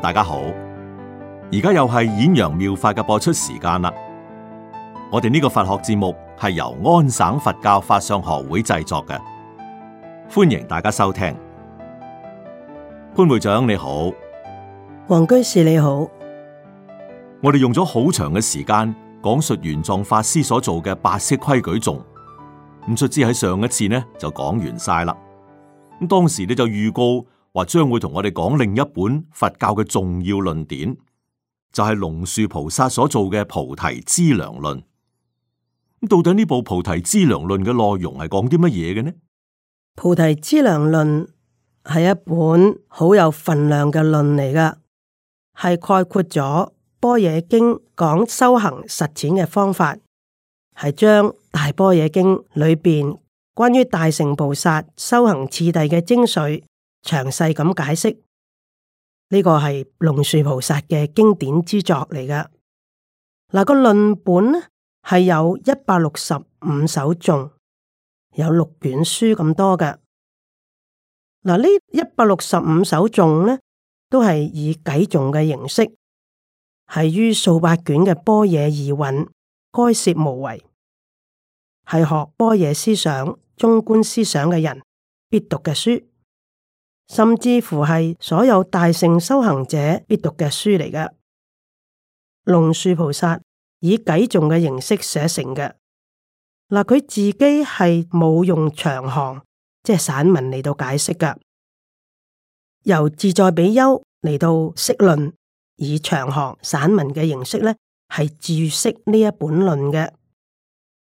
大家好，而家又係演揚妙法嘅播出時間啦。我哋呢個佛學節目係由安省佛教法相學會製作嘅，歡迎大家收聽。潘會長你好，黃居士你好，我哋用咗好長嘅時間講述玄奘法師所做嘅八識規矩頌，唔出之喺上一次呢就講完晒啦。咁當時你就預告。或將會同我哋講另一本佛教嘅重要論典，就係、是、龍樹菩薩所做嘅《菩提資糧論》。到底呢部《菩提資糧論》嘅內容係講啲乜嘢嘅呢？《菩提資糧論》係一本好有份量嘅論嚟噶，係概括咗《般若經》講修行實踐嘅方法，係將大《般若經》裏邊關於大乘菩薩修行次第嘅精髓。詳細咁解釋呢，這個係龍樹菩薩嘅經典之作嚟㗎。嗱，那個論本呢係有一百六十五首頌，有六卷書咁多嘅。嗱，呢一百六十五首頌呢，都係以偈頌嘅形式，係於數百卷嘅般若義蘊該攝無遺，係學般若思想、中觀思想嘅人必讀嘅書。甚至乎係所有大乘修行者必讀嘅書嚟嘅。龍樹菩薩以偈頌嘅形式寫成嘅，嗱佢自己係冇用長行，即係散文嚟到解釋嘅。由自在比丘嚟到釋論，以長行散文嘅形式咧係注釋呢一本論嘅。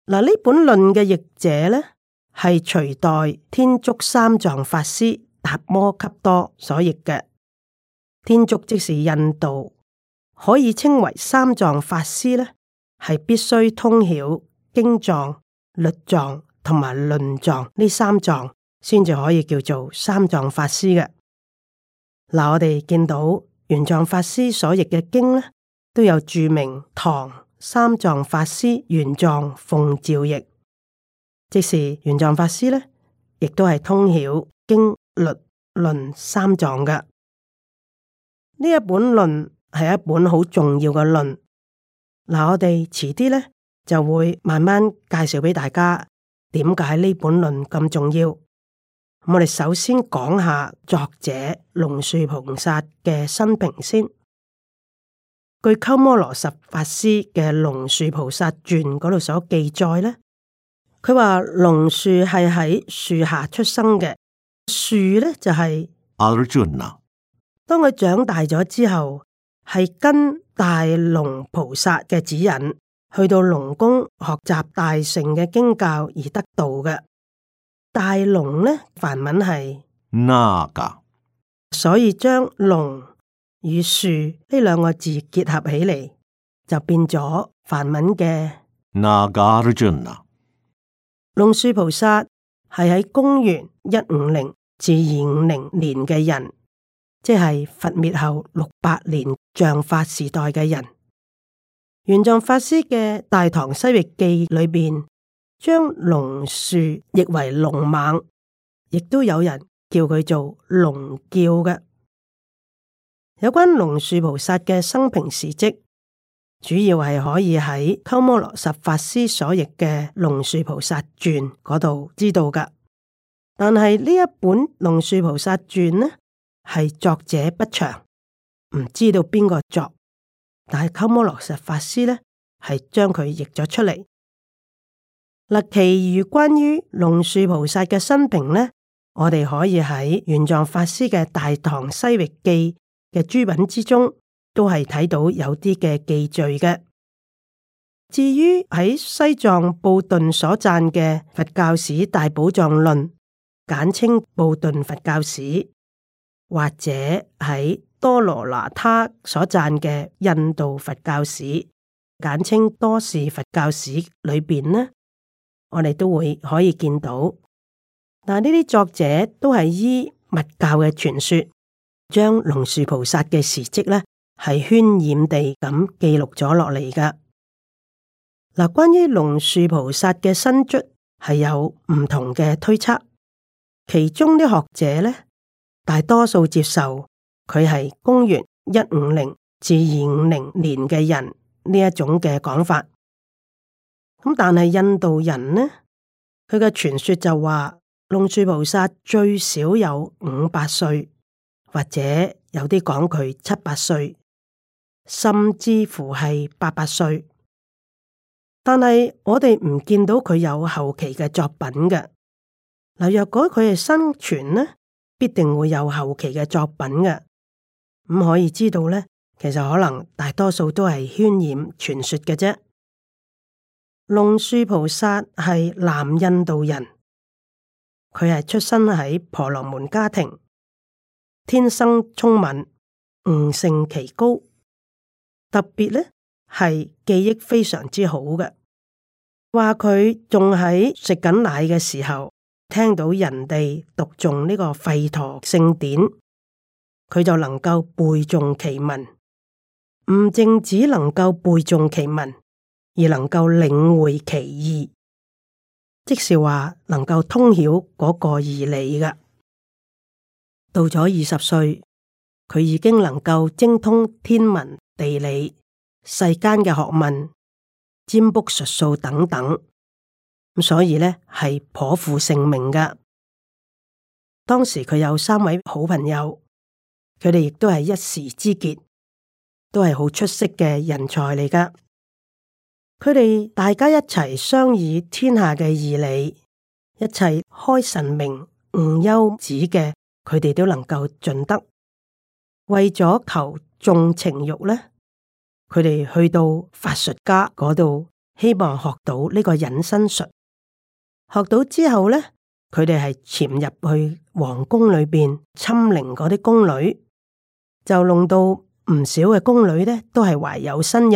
嗱呢本論嘅譯者咧係隋代天竺三藏法師。合摩笈多所譯嘅天竺，即是印度。可以稱為三藏法師咧，係必須通曉經藏、律藏同埋論藏呢三藏，先至可以叫做三藏法師嘅。嗱，我哋見到圓藏法師所譯嘅經咧，都有著名唐三藏法師圓藏奉照譯，即是圓藏法師咧，亦都係通曉經。律論三藏嘅呢一本論係一本好重要嘅論，嗱我哋遲啲咧就會慢慢介紹俾大家點解呢本論咁重要。我哋首先講下作者龍樹菩薩嘅生平先。據鳩摩羅什法師嘅《龍樹菩薩傳》嗰度所記載咧，佢話龍樹係喺樹下出生嘅。樹咧，就係阿羅尊那，當佢長大咗之後，係跟大龍菩薩嘅指引去到龍宮學習大乘嘅經教而得道嘅。大龍咧，梵文係那伽，所以將龍與樹呢兩個字結合起嚟，就變咗梵文嘅那伽阿羅尊那龍樹菩薩。係喺公元一五零至二五零年嘅人，即係佛滅後六百年像法時代嘅人。玄奘法師嘅《大唐西域記》裏邊，將龍樹譯為龍猛，亦都有人叫佢做龍叫嘅。有關龍樹菩薩嘅生平事蹟。主要係可以喺鳩摩羅什法師所譯嘅《龍樹菩薩傳》嗰度知道噶。但係呢一本《龍樹菩薩傳》傳呢，係作者不詳，唔知道邊個作。但係鳩摩羅什法師呢，係將佢譯咗出嚟。嗱，其餘關於龍樹菩薩嘅生平呢，我哋可以喺玄奘法師嘅《大唐西域記》嘅諸品之中。都係睇到有啲嘅記敘嘅。至於喺西藏布頓所撰嘅佛教史《大寶藏論》，簡稱布頓佛教史，或者喺多羅拿他所撰嘅印度佛教史，簡稱多士佛教史裏邊呢，我哋都會可以見到。但呢啲作者都係依密教嘅傳說，將龍樹菩薩嘅事跡呢，係渲染地咁記錄咗落嚟㗎。嗱，關於龍樹菩薩嘅生卒係有唔同嘅推測，其中啲學者咧，大多數接受佢係公元一五零至二五零年嘅人呢一種嘅講法。咁但係印度人呢，佢嘅傳說就話龍樹菩薩最少有五百歲，或者有啲講佢七八歲。甚至乎係八八歲，但係我哋唔見到佢有後期嘅作品嘅。嗱，若果佢係生存呢，必定會有後期嘅作品嘅。咁可以知道呢，其實可能大多數都係渲染傳說嘅啫。龍樹菩薩係南印度人，佢係出身喺婆羅門家庭，天生聰敏，悟性奇高。特別呢係記憶非常之好嘅，話佢仲喺食緊奶嘅時候，聽到人哋讀誦呢個《吠陀聖典》，佢就能夠背誦其文，唔淨只能夠背誦其文，而能夠領會其意，即是話能夠通曉嗰個義理嘅。到咗二十歲，佢已經能夠精通天文地理、世間嘅學問、占卜術數等等，咁所以呢係頗負盛名嘅。當時佢有三位好朋友，佢哋亦都係一時之傑，都係好出色嘅人才嚟噶。佢哋大家一齊商議天下嘅義理，一齊開神明、悟幽旨嘅，佢哋都能夠盡得。為咗求。重情慾咧，佢哋去到法術家嗰度，希望學到呢個隱身術。學到之後咧，佢哋係潛入去皇宮裏邊，侵凌嗰啲宮女，就弄到唔少嘅宮女咧都係懷有身孕。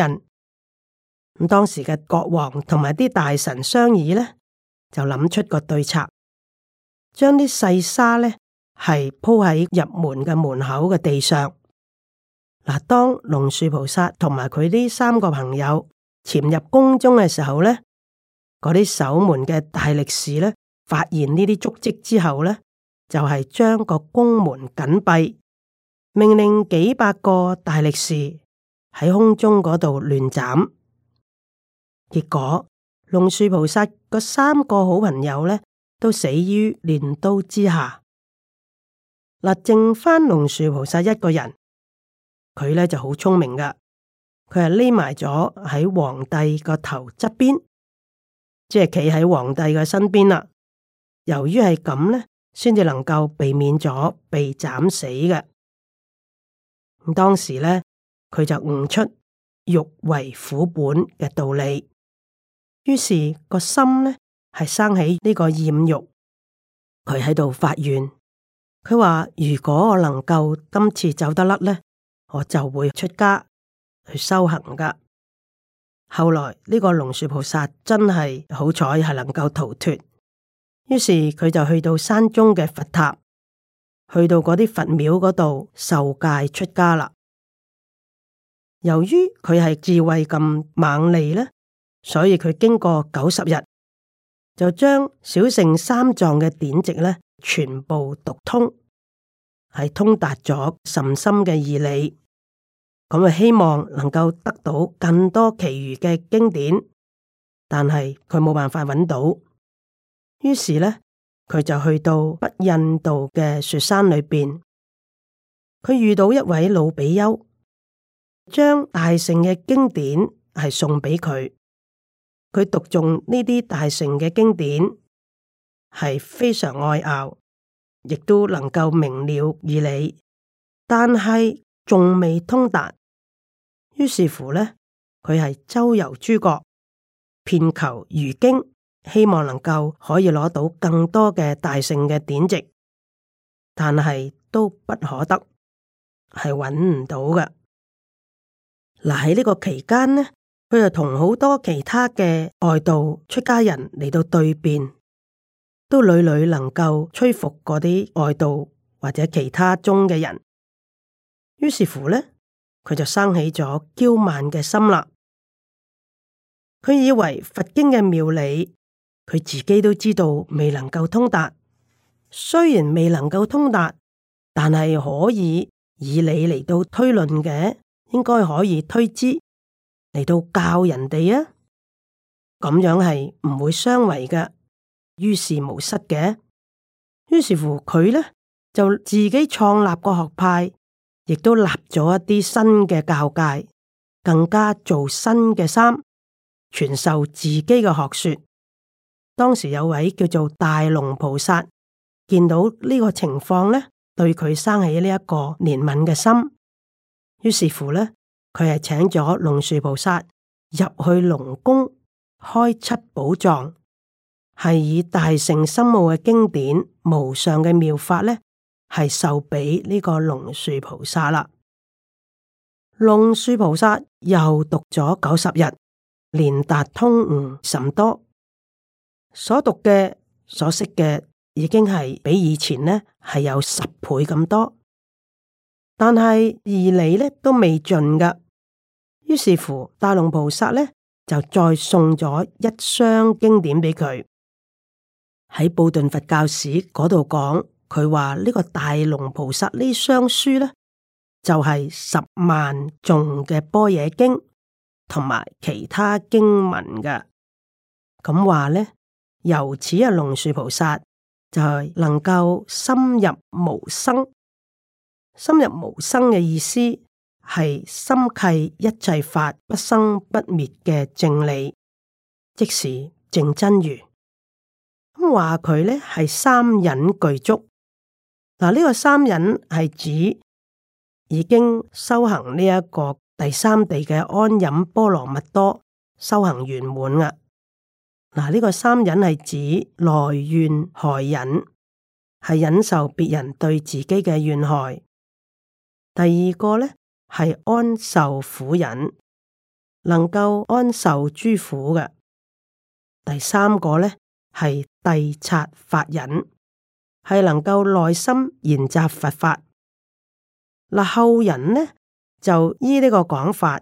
咁當時嘅國王同埋啲大臣商議咧，就諗出個對策，將啲細沙咧係鋪喺入門嘅門口嘅地上。嗱，當龍樹菩薩同埋佢呢三個朋友潛入宮中嘅時候咧，嗰啲守門嘅大力士咧，發現呢啲足跡之後咧，就係將個宮門緊閉，命令幾百個大力士喺空中嗰度亂斬，結果龍樹菩薩個三個好朋友咧，都死於鐮刀之下，嗱，剩翻龍樹菩薩一個人。佢咧就好聰明噶，佢係匿埋咗喺皇帝個頭側邊，即係企喺皇帝嘅身邊啦。由於係咁咧，先至能夠避免咗被斬死嘅。咁當時咧，佢就悟出欲為苦本嘅道理，於是個心咧係生起呢個厭欲。佢喺度發願，佢話如果我能夠今次走得甩咧。我就會出家去修行噶。後來呢、這個龍樹菩薩真係好彩係能夠逃脫，於是佢就去到山中嘅佛塔，去到嗰啲佛廟嗰度受戒出家啦。由於佢係智慧咁猛利咧，所以佢經過九十日，就將小乘三藏嘅典籍，咧全部讀通，係通達咗甚深嘅義理。咁啊，希望能夠得到更多其餘嘅經典，但係佢冇辦法揾到。於是咧，佢就去到北印度嘅雪山裏邊，佢遇到一位老比丘，將大乘嘅經典係送畀佢。佢讀誦呢啲大乘嘅經典，係非常愛拗，亦都能夠明了義理，但係仲未通達。於是乎呢，佢係周遊諸國，遍求餘經，希望能夠可以攞到更多嘅大聖嘅典籍，但係都不可得，係揾唔到嘅。嗱，喺呢個期間呢，佢就同好多其他嘅外道出家人嚟到對辯，都屢屢能夠摧伏嗰啲外道或者其他宗嘅人。於是乎呢。佢就生起咗驕慢嘅心啦。佢以為佛經嘅妙理，佢自己都知道未能夠通達。雖然未能夠通達，但係可以以理嚟到推論嘅，應該可以推知嚟到教人哋啊。咁樣係唔會相違嘅，於事無失嘅。於是乎，佢呢就自己創立個學派。亦都立咗一啲新嘅教戒，更加做新嘅衫，傳授自己嘅學說。當時有位叫做大龍菩薩，見到呢個情況咧，對佢生起呢一個憐憫嘅心，於是乎咧，佢係請咗龍樹菩薩入去龍宮，開七寶藏，係以大乘深奧嘅經典，無上嘅妙法咧。。係受俾呢個龍樹菩薩啦，龍樹菩薩又讀咗九十日，連達通悟甚多，所讀嘅、所識嘅已經係比以前呢係有十倍咁多，但係而嚟呢都未盡噶，於是乎大龍菩薩呢就再送咗一箱經典俾佢，喺《布頓佛教史》嗰度講。佢話呢個大龍菩薩呢雙書咧，就係、是、十萬眾嘅般若經同埋其他經文嘅。咁話咧，由此啊龍樹菩薩就係能夠深入無生，深入無生嘅意思係深契一切法不生不滅嘅正理，即是正真如。咁話佢咧係三忍具足。嗱，呢個三忍係指已經修行呢一個第三地嘅安忍波羅蜜多修行圓滿啦。嗱，呢個三忍係指耐怨害忍，係忍受別人對自己嘅怨害；第二個呢係安受苦忍，能夠安受諸苦嘅；第三個呢係諦察法忍。係能夠耐心研習佛法，嗱後人呢就依呢個講法，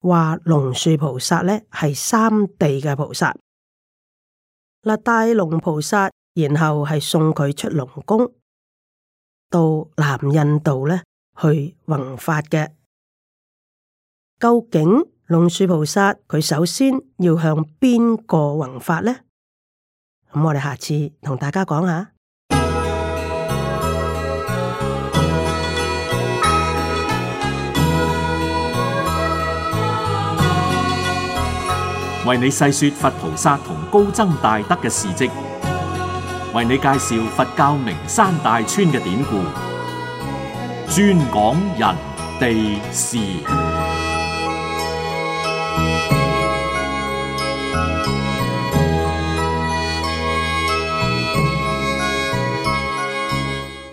話龍樹菩薩呢係三地嘅菩薩，嗱大龍菩薩，然後係送佢出龍宮，到南印度呢去弘法嘅。究竟龍樹菩薩佢首先要向邊個弘法呢？咁我哋下次同大家講下。為你細說佛菩薩同高僧大德嘅事跡，為你介紹佛教名山大川嘅典故，專講人地事。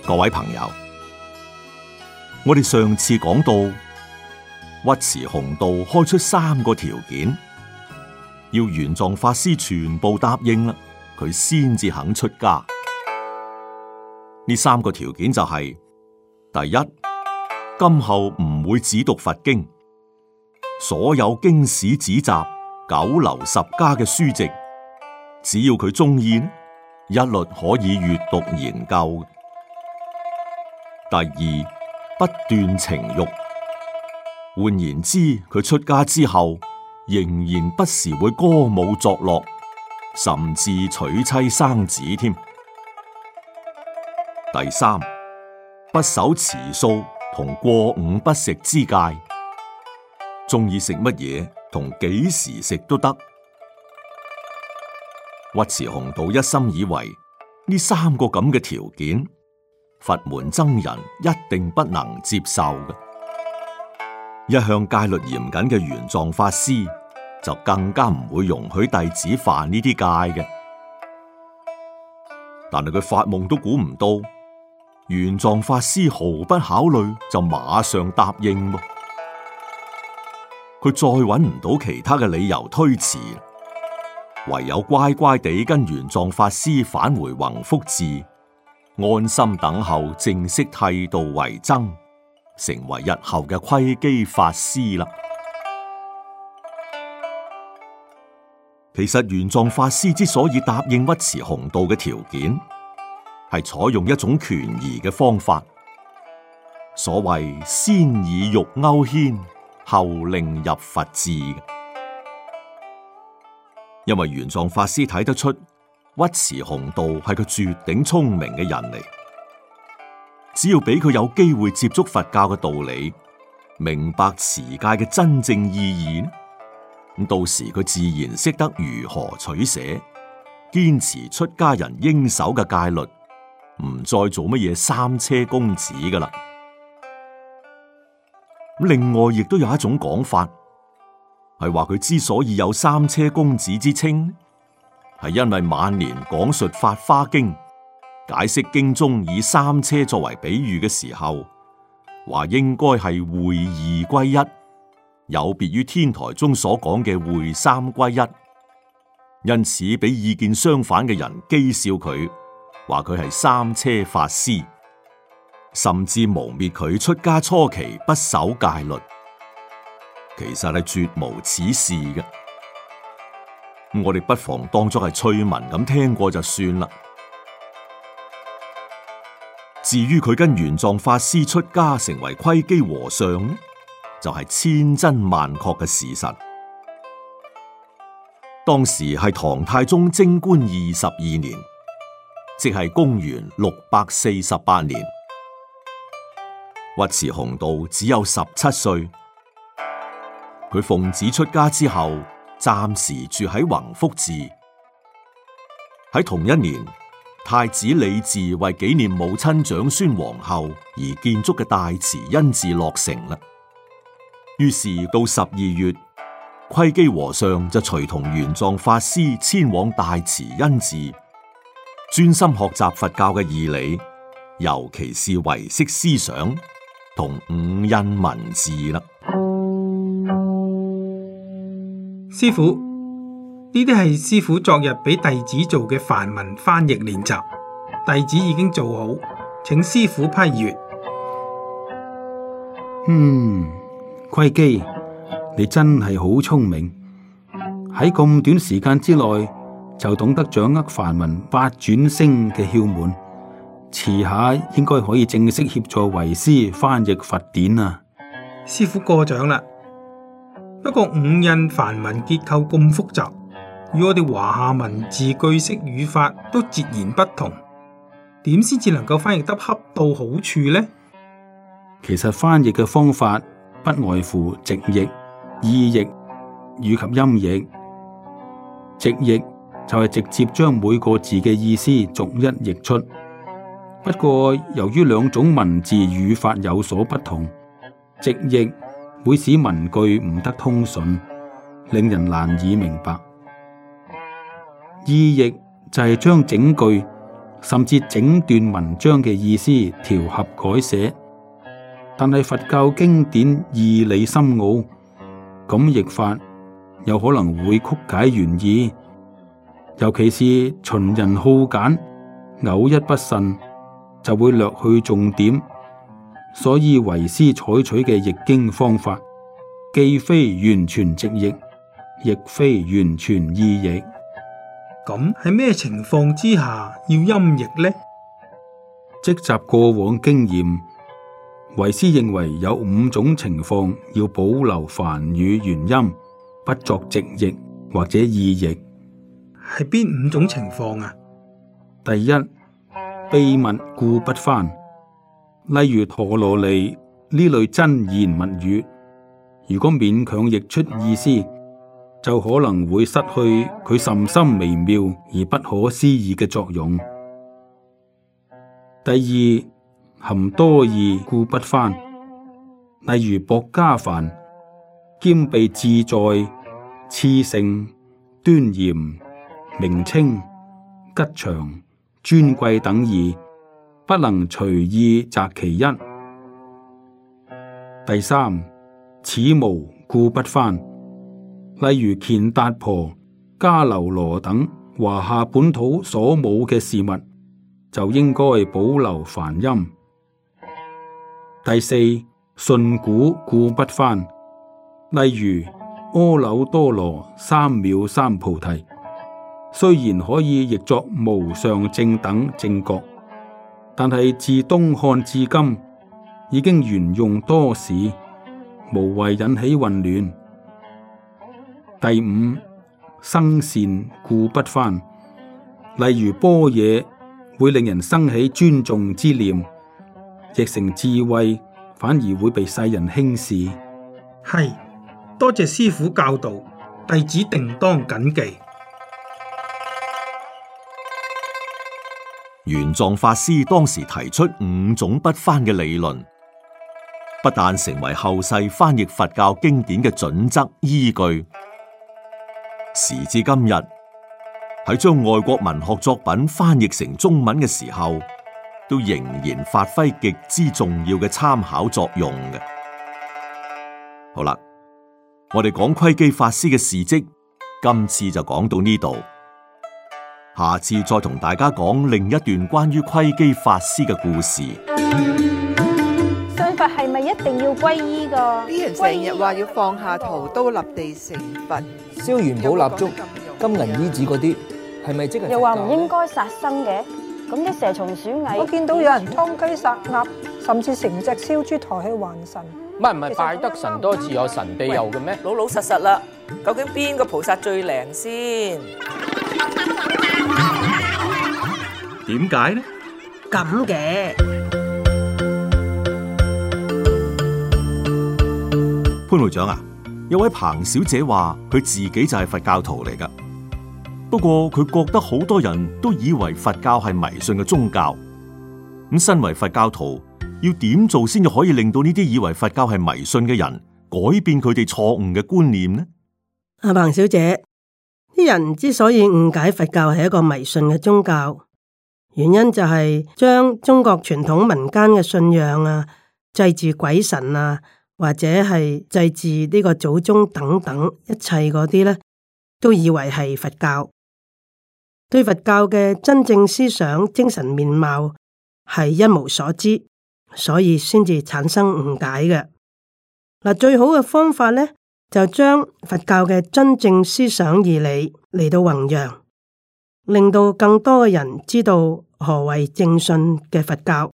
各位朋友，我哋上次講到尉遲洪道開出三個條件。要玄奘法師全部答應啦，佢先至肯出家。呢三個條件就係、是：第一，今後唔會只讀佛經，所有經史子集、九流十家嘅書籍，只要佢中意，一律可以閱讀研究。第二，不斷情欲，換言之，佢出家之後。仍然不時會歌舞作樂，甚至娶妻生子添。第三，不守持素同過午不食之戒，中意食乜嘢同幾時食都得。尉遲洪道一心以為呢三個咁嘅條件，佛門僧人一定不能接受嘅。一向戒律嚴謹嘅玄奘法師就更加唔會容許弟子犯呢啲戒嘅，但係佢發夢都估唔到，玄奘法師毫不考慮就馬上答應了，佢再搵唔到其他嘅理由推辭，唯有乖乖地跟玄奘法師返回弘福寺，安心等候正式剃度為僧。成為日後嘅窺基法師啦。其實玄奘法師之所以答應屈遲弘道嘅條件，係採用一種權宜嘅方法，所謂先以欲勾牽，後令入佛智。因為玄奘法師睇得出屈遲弘道係個絕頂聰明嘅人嚟。只要俾佢有機會接觸佛教嘅道理，明白持戒嘅真正意義，咁到時佢自然識得如何取捨，堅持出家人應守嘅戒律，唔再做乜嘢三車公子噶啦。咁另外亦都有一種講法，係話佢之所以有三車公子之稱，係因為晚年講述法《法花經》。解釋經中以三車作為比喻嘅時候，話應該係會二歸一，有別於天台中所講嘅會三歸一。因此，俾意見相反嘅人譏笑佢，話佢係三車法師，甚至誣衊佢出家初期不守戒律。其實係絕無此事嘅。我哋不妨當作係趣聞咁聽過就算啦。至於佢跟玄奘法師出家成為窺基和尚，就係、是、千真萬確嘅事實。當時係唐太宗貞觀二十二年，即係公元六百四十八年。尉遲洪道只有十七歲，佢奉旨出家之後，暫時住喺弘福寺。喺同一年。太子李治為紀念母親長孫皇后而建築嘅大慈恩寺落成啦。於是到十二月，窺基和尚就隨同玄奘法師遷往大慈恩寺，專心學習佛教嘅義理，尤其是唯識思想同五印文字啦。師父。呢啲係師父昨日俾弟子做嘅梵文翻譯練習，弟子已經做好，請師父批閱。嗯，窺基，你真係好聰明，喺咁短時間之內就懂得掌握梵文八轉聲嘅竅門，遲下應該可以正式協助為師翻譯佛典啦。師父過獎啦，不過五印梵文結構咁複雜。與我哋華夏文字句式語法都截然不同，點先至能夠翻譯得恰到好處呢？其實翻譯嘅方法不外乎直譯、意譯以及音譯。直譯就係直接將每個字嘅意思逐一譯出，不過由於兩種文字語法有所不同，直譯會使文句唔得通順，令人難以明白。意譯就係將整句甚至整段文章嘅意思調合改寫，但係佛教經典義理深奧，咁譯法有可能會曲解原意，尤其是秦人好簡，偶一不慎就會略去重點，所以維師採取嘅譯經方法，既非完全直譯，亦非完全意譯。咁喺咩情況之下要音譯呢？積集過往經驗，窺基認為有五種情況要保留梵語原音，不作直譯或者意譯。係邊五種情況啊？第一，秘密故不翻，例如陀羅尼呢類真言密語，如果勉強譯出意思。就可能會失去佢甚深微妙而不可思議嘅作用。第二，含多義故不翻，例如薄伽梵兼備自在、熾盛端嚴、名稱吉祥尊貴等義，不能隨意擇其一。第三，此無故不翻。例如乾達婆、迦樓羅等華夏本土所冇嘅事物，就應該保留梵音。第四，順古故不翻。例如阿耨多羅三藐三菩提，雖然可以譯作無上正等正覺，但係自東漢至今已經沿用多時，無謂引起混亂。第五，生善故不翻，例如般若會令人生起尊重之念，亦成智慧，反而會被世人輕視。係，多謝師父教導，弟子定當謹記。玄奘法師當時提出五種不翻嘅理論，不但成為後世翻譯佛教經典嘅準則依據，時至今日，喺將外國文學作品翻譯成中文嘅時候，都仍然發揮極之重要嘅參考作用嘅。好啦，我哋講窺基法師嘅事跡，今次就講到呢度，下次再同大家講另一段關於窺基法師嘅故事。修法係咪一定要皈依㗎？啲人成日話要放下屠刀，立地成佛。燒元寶蠟燭、金銀衣紙嗰啲，係咪即係？又話唔應該殺生嘅，咁啲蛇蟲鼠蟻，我見到有人劏雞殺鴨，甚至成隻燒豬抬去還神。唔係唔係，拜得神多自有神庇佑嘅咩？老老實實啦，究竟邊個菩薩最靈先？點解呢？咁嘅潘會長啊！有位彭小姐話佢自己就係佛教徒嚟噶，不過佢覺得好多人都以為佛教係迷信嘅宗教。咁身為佛教徒，要點做先至可以令到呢啲以為佛教係迷信嘅人改變佢哋錯誤嘅觀念呢？阿彭小姐，啲人之所以誤解佛教係一個迷信嘅宗教，原因就係將中國傳統民間嘅信仰啊，祭祀鬼神啊。或者係祭祀呢個祖宗等等一切嗰啲咧，都以為係佛教，對佛教嘅真正思想、精神面貌係一無所知，所以先至產生誤解嘅。嗱，最好嘅方法呢，就將佛教嘅真正思想義理嚟到弘揚，令到更多嘅人知道何為正信嘅佛教。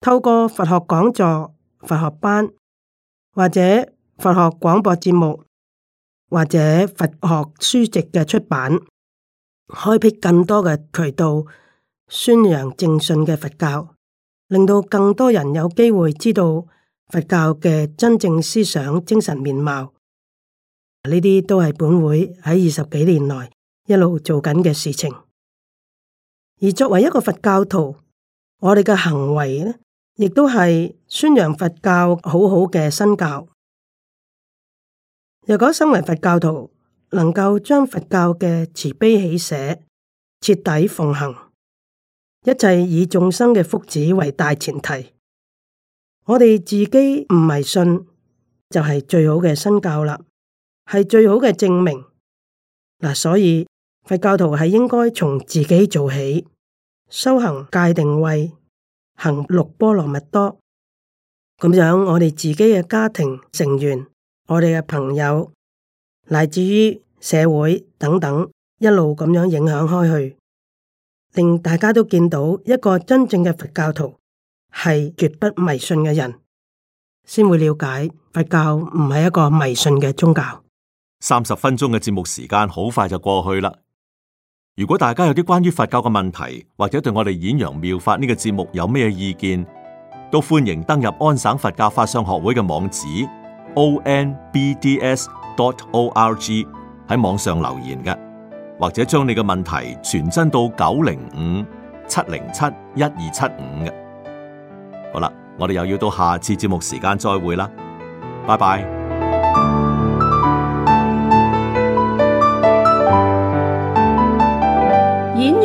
透過佛學講座、佛學班。或者佛學廣播節目，或者佛學書籍嘅出版，開闢更多嘅渠道宣揚正信嘅佛教，令到更多人有機會知道佛教嘅真正思想、精神面貌。呢啲都係本會喺二十幾年內一路做緊嘅事情。而作為一個佛教徒，我哋嘅行為呢？亦都係宣揚佛教好好嘅身教。若果身為佛教徒，能夠將佛教嘅慈悲喜捨徹底奉行，一切以眾生嘅福祉為大前提，我哋自己唔迷信就係、是、最好嘅身教啦，係最好嘅證明。嗱，所以佛教徒係應該從自己做起，修行戒定慧。行六波羅蜜多，咁樣我哋自己嘅家庭成員，我哋嘅朋友，乃至於社會等等，一路咁樣影響開去，令大家都見到一個真正嘅佛教徒係絕不迷信嘅人，先會了解佛教唔係一個迷信嘅宗教。三十分鐘嘅節目時間好快就過去啦。如果大家有啲關於佛教嘅問題，或者對我哋演揚妙法呢個節目有咩意見，都歡迎登入安省佛教法相學會嘅網址 o n b d s dot o r g 喺網上留言嘅，或者將你嘅問題傳真到九零五七零七一二七五嘅。好啦，我哋又要到下次節目時間再會啦，拜拜。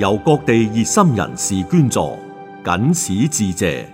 由各地熱心人士捐助，謹此致謝。